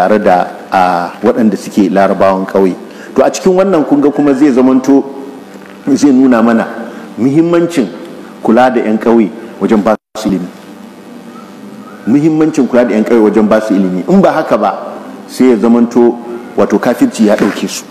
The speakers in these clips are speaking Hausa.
tare da waɗanda suke larabawan ƙauye to a cikin wannan kunga kuma zai zamanto zai nuna mana muhimmancin kula da 'yan ƙauye wajen ba su ilimi muhimmancin kula da 'yan ƙauye wajen ba su ilimi in ba haka ba sai ya zamanto wato kafirci ya ɗauke su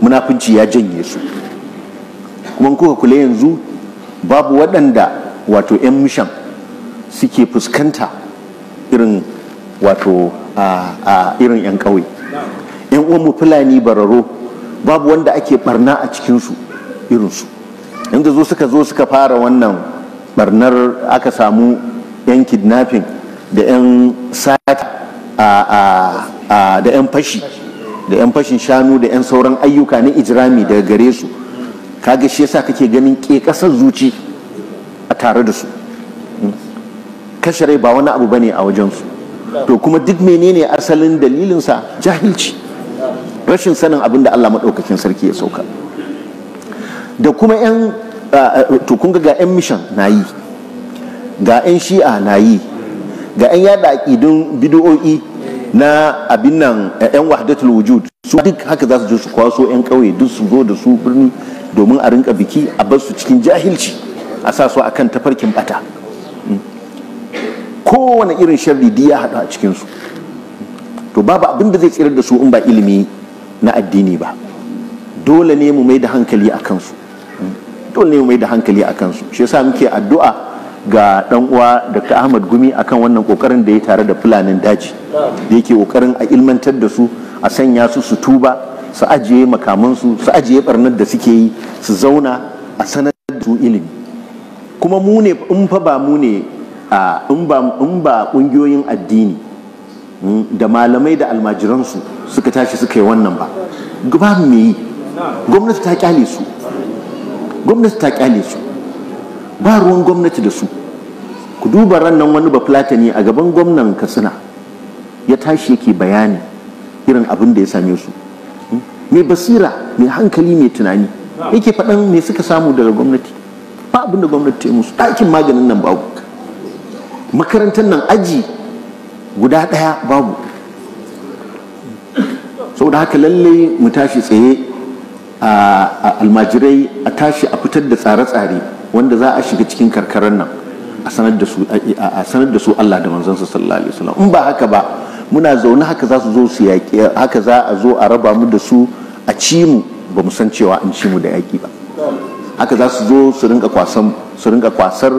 munafinci ya janye su kuma kuka kula yanzu babu waɗanda wato 'yan mishan suke fuskanta irin wato a irin 'yan ƙauye yan uwanmu fulani bararo babu wanda ake barna a cikinsu irinsu inda zo suka zo suka fara wannan barnar aka samu 'yan kidnapping da 'yan sata da 'yan fashi da 'yan fashin shanu da 'yan sauran ayyuka na ijirami daga gare su kaga shi yasa kake ganin ke kasar zuci a tare da su hmm. kashe rai ba wani abu bane a wajensu to kuma duk menene asalin dalilinsa jahilci rashin sanin abin da Allah maɗaukakin sarki ya sauka da kuma 'yan to kun ga 'yan mishan na yi ga 'yan shi'a na yi ga 'yan yada aƙidun bidiyo'i na abin nan 'yan wahdatul wujud su duk haka za su je su kwaso 'yan ƙauye duk su zo da su birni domin a rinka biki a bar su cikin jahilci a sa su akan tafarkin bata kowane irin sharri di ya haɗu a cikinsu to babu abin da zai tsirar da su in ba ilimi na addini ba dole ne mu mai da hankali a kansu dole ne mu mai da hankali a kansu shi yasa muke addu'a ga dan uwa Dr. Ahmad Gumi akan wannan kokarin da ya tare da fulanin daji da yake kokarin a ilmantar da su a sanya su su tuba su ajiye makamansu su ajiye barnar da suke yi su zauna a sanar da su ilimi kuma mu ne in fa ba mu ne in ba ƙungiyoyin addini hmm, da malamai da almajiransu suka tashi suka yi wannan ba mu me yi gwamnati ta kyale su gwamnati ta kyale su ba ruwan gwamnati da su ku duba rannan wani ne a gaban gwamnan katsina ya tashi yake bayani irin abin da ya same su hmm, mai basira mai hankali mai tunani yake faɗan me suka samu daga gwamnati ba abin da gwamnati ta yi musu ɗakin maganin nan babu makarantar nan aji guda ɗaya babu saboda haka lallai mu tashi tsaye a almajirai a tashi a fitar da tsare-tsare wanda za a shiga cikin karkarar nan a sanar da su Allah da manzansa sallallahu alaihi wasallam in ba haka ba muna zaune haka za su zo su yaƙi haka za a zo a raba mu da su a ci mu ba mu san cewa an ci mu da yaƙi ba haka za su zo su rinka kwasar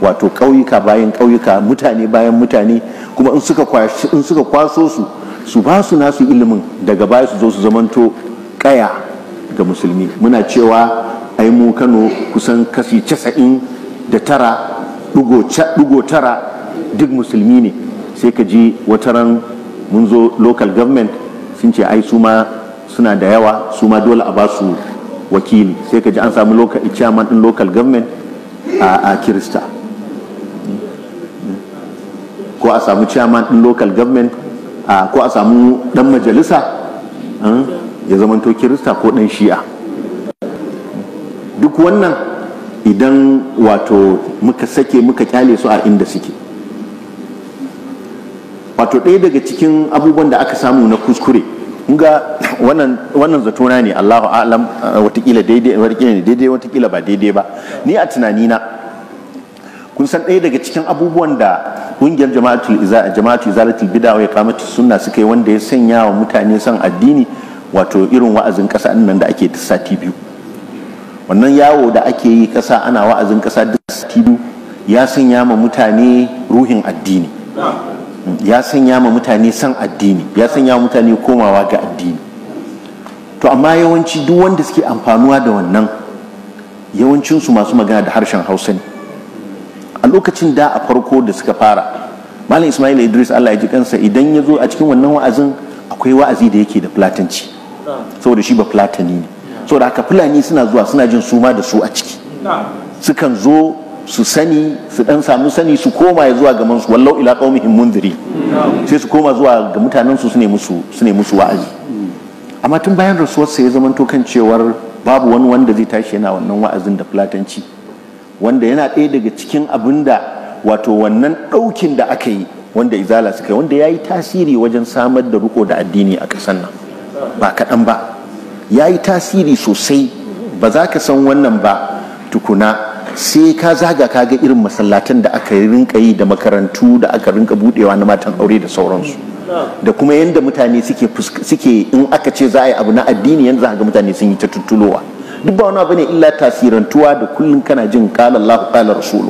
wato ƙauyuka bayan ƙauyuka mutane bayan mutane kuma in suka kwaso su su ba su nasu ilimin daga baya su zo su zamanto kaya ga musulmi muna cewa ai mu kano kusan kashi casa'in da tara tara duk musulmi ne sai ka ji wata ran mun zo local government sun ce ai su ma suna da yawa su ma dole a ba su wakili sai ka ji an samu chairman ɗin local government a kirista ko a samu chairman din local government ko a samu dan majalisa hmm, ya zamanto kirista ko dan shi'a duk wannan idan wato muka sake muka kyale su a inda suke wato ɗaya daga cikin abubuwan da aka samu na kuskure ga wannan zatona ne allahu alam watakila daidai watakila ba daidai ba ni a tunanina kun san ɗaya daga cikin abubuwan da ƙungiyar Jama'atu iza jama'atul izalatul bid'a wa iqamatus sunna suka yi wanda ya sanya wa mutane son addini wato irin wa'azin ƙasa nan da ake sati biyu wannan yawo da ake yi ƙasa ana wa'azin ƙasa duk sati biyu ya sanya ma mutane ruhin addini ya sanya ma mutane san addini ya sanya mutane komawa ga addini to amma yawanci duk wanda suke amfanuwa da wannan yawancinsu masu magana da harshen hausa ne lokacin da a farko da suka fara malam ismail idris allah ya ji kansa idan ya zo a cikin wannan wa'azin akwai wa'azi da yake da platanci saboda shi ba fulatani ne saboda haka fulani suna zuwa suna jin suma da su a ciki sukan zo su sani su dan samu sani su koma ya zuwa ga mansu wallau ila qaumihim munziri sai su koma zuwa ga mutanen su ne musu su musu wa'azi amma tun bayan rasuwar sai ya zamanto kan cewar babu wani wanda zai tashi yana wannan wa'azin da fulatanci wanda yana ɗaya daga cikin abin da wato wannan ɗaukin da aka yi wanda izala suka yi wanda ya yi tasiri wajen samar da riko da addini a ƙasar nan ba kaɗan ba ya yi tasiri sosai ba za ka san wannan ba tukuna sai ka zaga ka ga irin masallatan da aka rinka yi da makarantu da aka rinka budewa na matan aure da sauransu da kuma yadda mutane suke in aka ce za a yi abu na addini yadda za ga mutane sun yi ta tuttulowa duk ba wani abu ne illa tasirantuwa da kullum kana jin kala Allah kala rasulu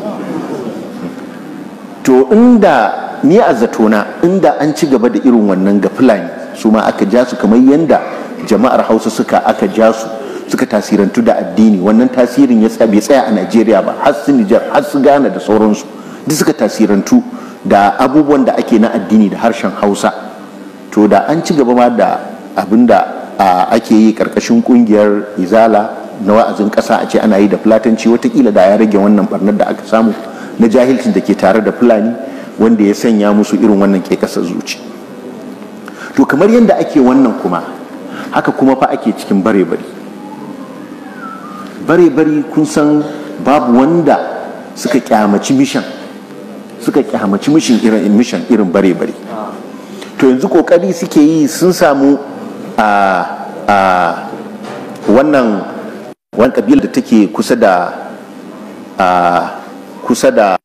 to inda ni a zatona inda an ci gaba da irin wannan ga fulani su ma aka ja su kamar yanda jama'ar Hausa suka aka ja su suka tasirantu da addini wannan tasirin ya bai tsaya a Najeriya ba har su Nijar har su Ghana da sauransu duk suka tasirantu da abubuwan da ake na addini da harshen Hausa to da an ci gaba ma da abinda da ake yi karkashin kungiyar Izala na wa'azin ƙasa a ce ana yi da fulatanci watakila da ya rage wannan barnar da aka samu na jahilcin da ke tare da fulani wanda ya sanya musu irin wannan ke ƙasa zuci to kamar yadda ake wannan kuma haka kuma fa ake cikin bare-bare bare-bare kun san babu wanda suka kyamaci mishan suka kyamaci mishin irin mishan irin bare-bare to yanzu kokari suke yi sun samu a ah, ah, wannan wani kabila da take kusa da kusa da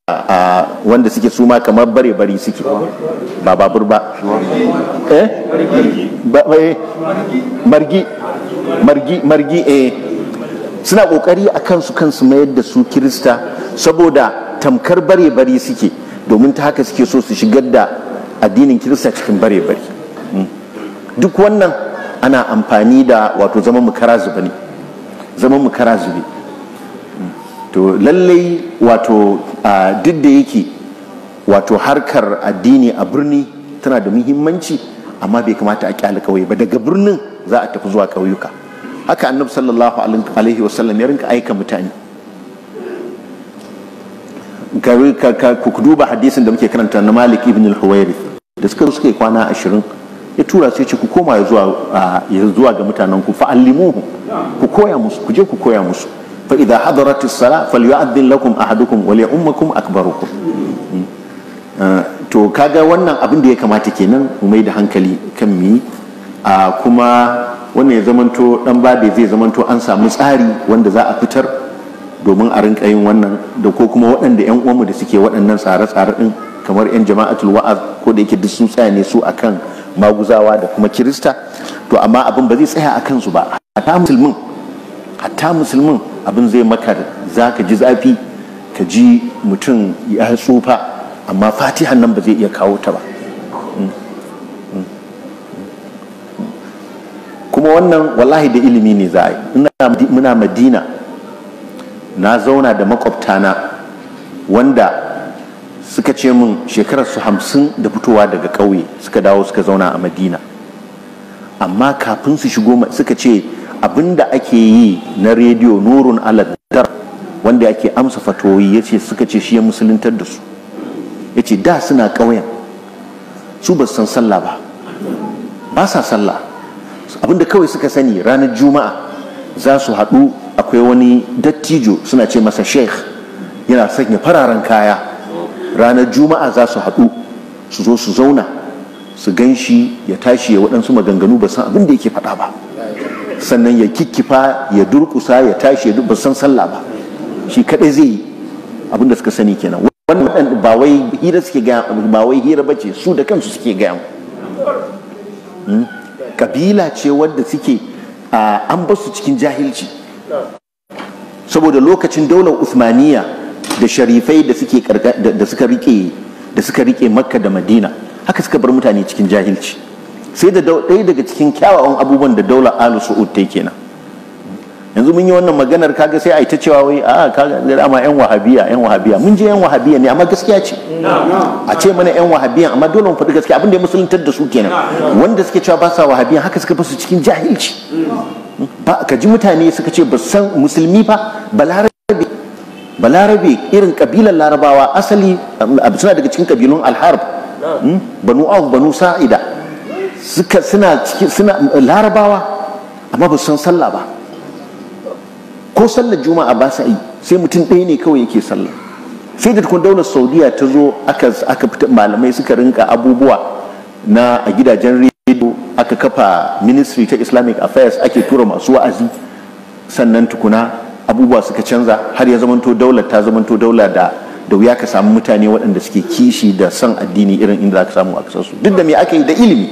wanda suke suma kamar bare bari suke ba babur ba eh, eh margi margi margi eh suna kokari a kansu kansu mayar da su kirista saboda tamkar bare bari suke domin ta haka suke so su shigar da addinin kirista cikin bare bari hmm. duk wannan ana amfani da wato zama mukara zuba ne zaman mu kara zube to lallai wato duk da yake wato harkar addini a birni tana da muhimmanci amma bai kamata a kyale kawai ba daga birnin za a tafi zuwa kauyuka haka annabi sallallahu alaihi wasallam ya rinka aika mutane ka duba hadisin da muke karanta na malik ibn al-huwairi da suka suke kwana ashirin ya tura sai ce ku koma ya zuwa ga mutanen ku fa'allimuhu ku koya musu ku je ku koya musu fa idza hadarat as-sala falyu'addin lakum ahadukum wa li'ummakum akbarukum hmm. uh, to kaga wannan abin da ya kamata kenan mu mai da hankali kan mi kuma wannan ya zamanto dan da zai zamanto an samu tsari wanda za a fitar domin a rinka yin wannan da ko kuma waɗanda 'yan uwanmu da suke waɗannan tsare-tsare ɗin kamar 'yan jama'atul wa'az ko da yake duk sun tsaya ne su akan maguzawa da kuma kirista to amma abin ba zai tsaya a kansu ba hatta musulmin hatta musulmin abin zai maka za ka ji zafi ka ji mutum ya tsufa amma fatihan nan ba zai iya kawo ta ba mm, mm, mm. kuma wannan wallahi da ilimi ne za a yi muna madina na zauna da makwabtana wanda suka ce min shekarar su hamsin da fitowa daga ƙauye suka dawo suka zauna a madina amma kafin su shigo suka ce abinda ake yi na rediyo nurun aladar wanda ake amsa fatoyi ya ce suka ce shi ya musuluntar da su ya ce da suna ƙauyen su ba san sallah ba ba sa sallah abinda kawai suka sani ranar juma'a za su haɗu akwai wani dattijo suna ce masa sheikh yana sanya fararen kaya ranar juma'a za su haɗu su zo su zauna su gan shi ya tashi ya waɗansu maganganu ba san abin da yake faɗa ba sannan ya kikkifa ya durkusa ya tashi ya ba san sallah ba shi kaɗai zai yi abin da suka sani kenan wannan ba wai hira suke gaya ba wai hira bace su da kansu suke gaya hmm? kabila ce wadda suke an basu cikin jahilci saboda lokacin daular usmaniya da sharifai da suke da suka rike da suka rike makka da madina haka suka bar mutane cikin jahilci sai da ɗaya daga cikin kyawawan abubuwan da daular alu su'ud ta kenan yanzu mun yi wannan maganar kaga sai a yi ta cewa wai a kaga da dama yan wahabiya yan wahabiya mun je yan wahabiya ne amma gaskiya ce a ce mana yan wahabiya amma dole mu faɗi gaskiya abin da ya musuluntar da su kenan wanda suke cewa ba sa wahabiya haka suka fasu cikin jahilci ba ka ji mutane suka ce ba san musulmi ba balar balarabe irin kabilan larabawa asali um, suna daga cikin kabilun alharb hmm? banu auf banu sa'ida suka suna larabawa amma ba san sallah ba ko sallar juma'a ba sa yi sai mutum ɗaya ne kawai yake sallah sai da kun daular saudiya ta zo aka fita malamai suka rinka abubuwa na a gidajen rediyo aka kafa ministry ta islamic affairs ake tura masu wa'azi sannan tukuna abubuwa suka canza har ya zamanto daular ta zamanto daula da da wuya ka samu mutane waɗanda suke kishi da son addini irin inda za ka samu a kasarsu duk da me aka yi da ilimi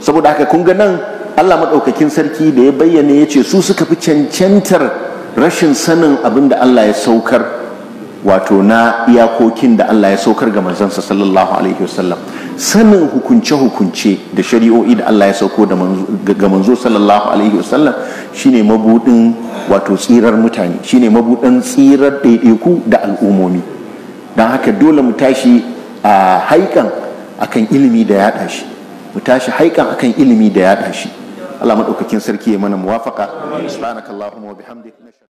saboda haka kun ga nan allah maɗaukakin sarki da ya bayyana ya ce su suka fi cancantar rashin sanin abin da allah ya saukar wato na iyakokin da Allah ya saukar ga manzansa sallallahu alaihi wasallam sanin hukunce-hukunce da shari'o'i da Allah ya sauko ga manzo sallallahu alaihi wasallam shine mabudin wato tsirar mutane shine mabudin tsirar ɗaiɗaiku da al'umomi don haka dole mu tashi a haikan akan ilimi da ya shi mu tashi haikan akan ilimi da ya shi Allah maɗaukakin sarki ya mana muwafaka subhanakallahumma wa bihamdika